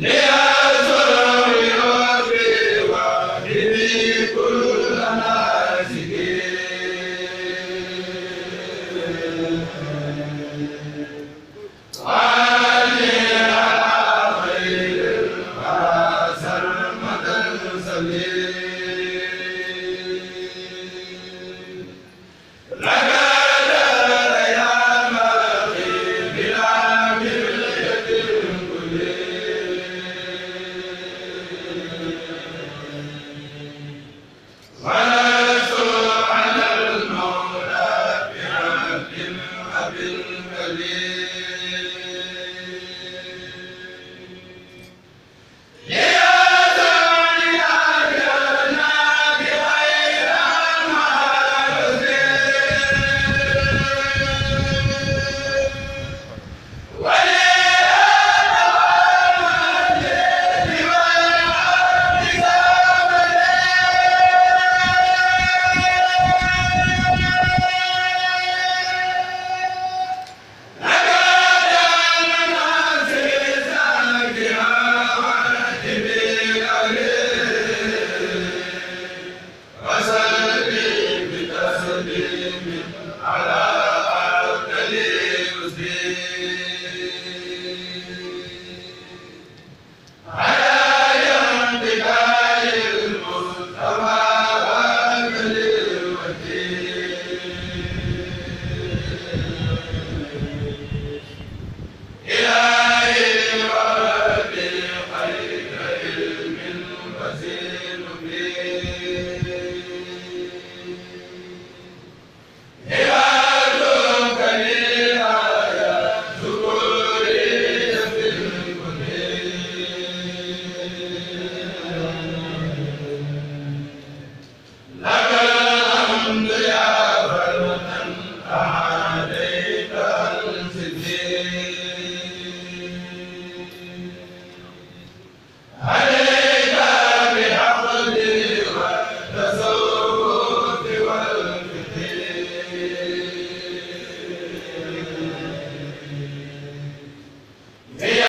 le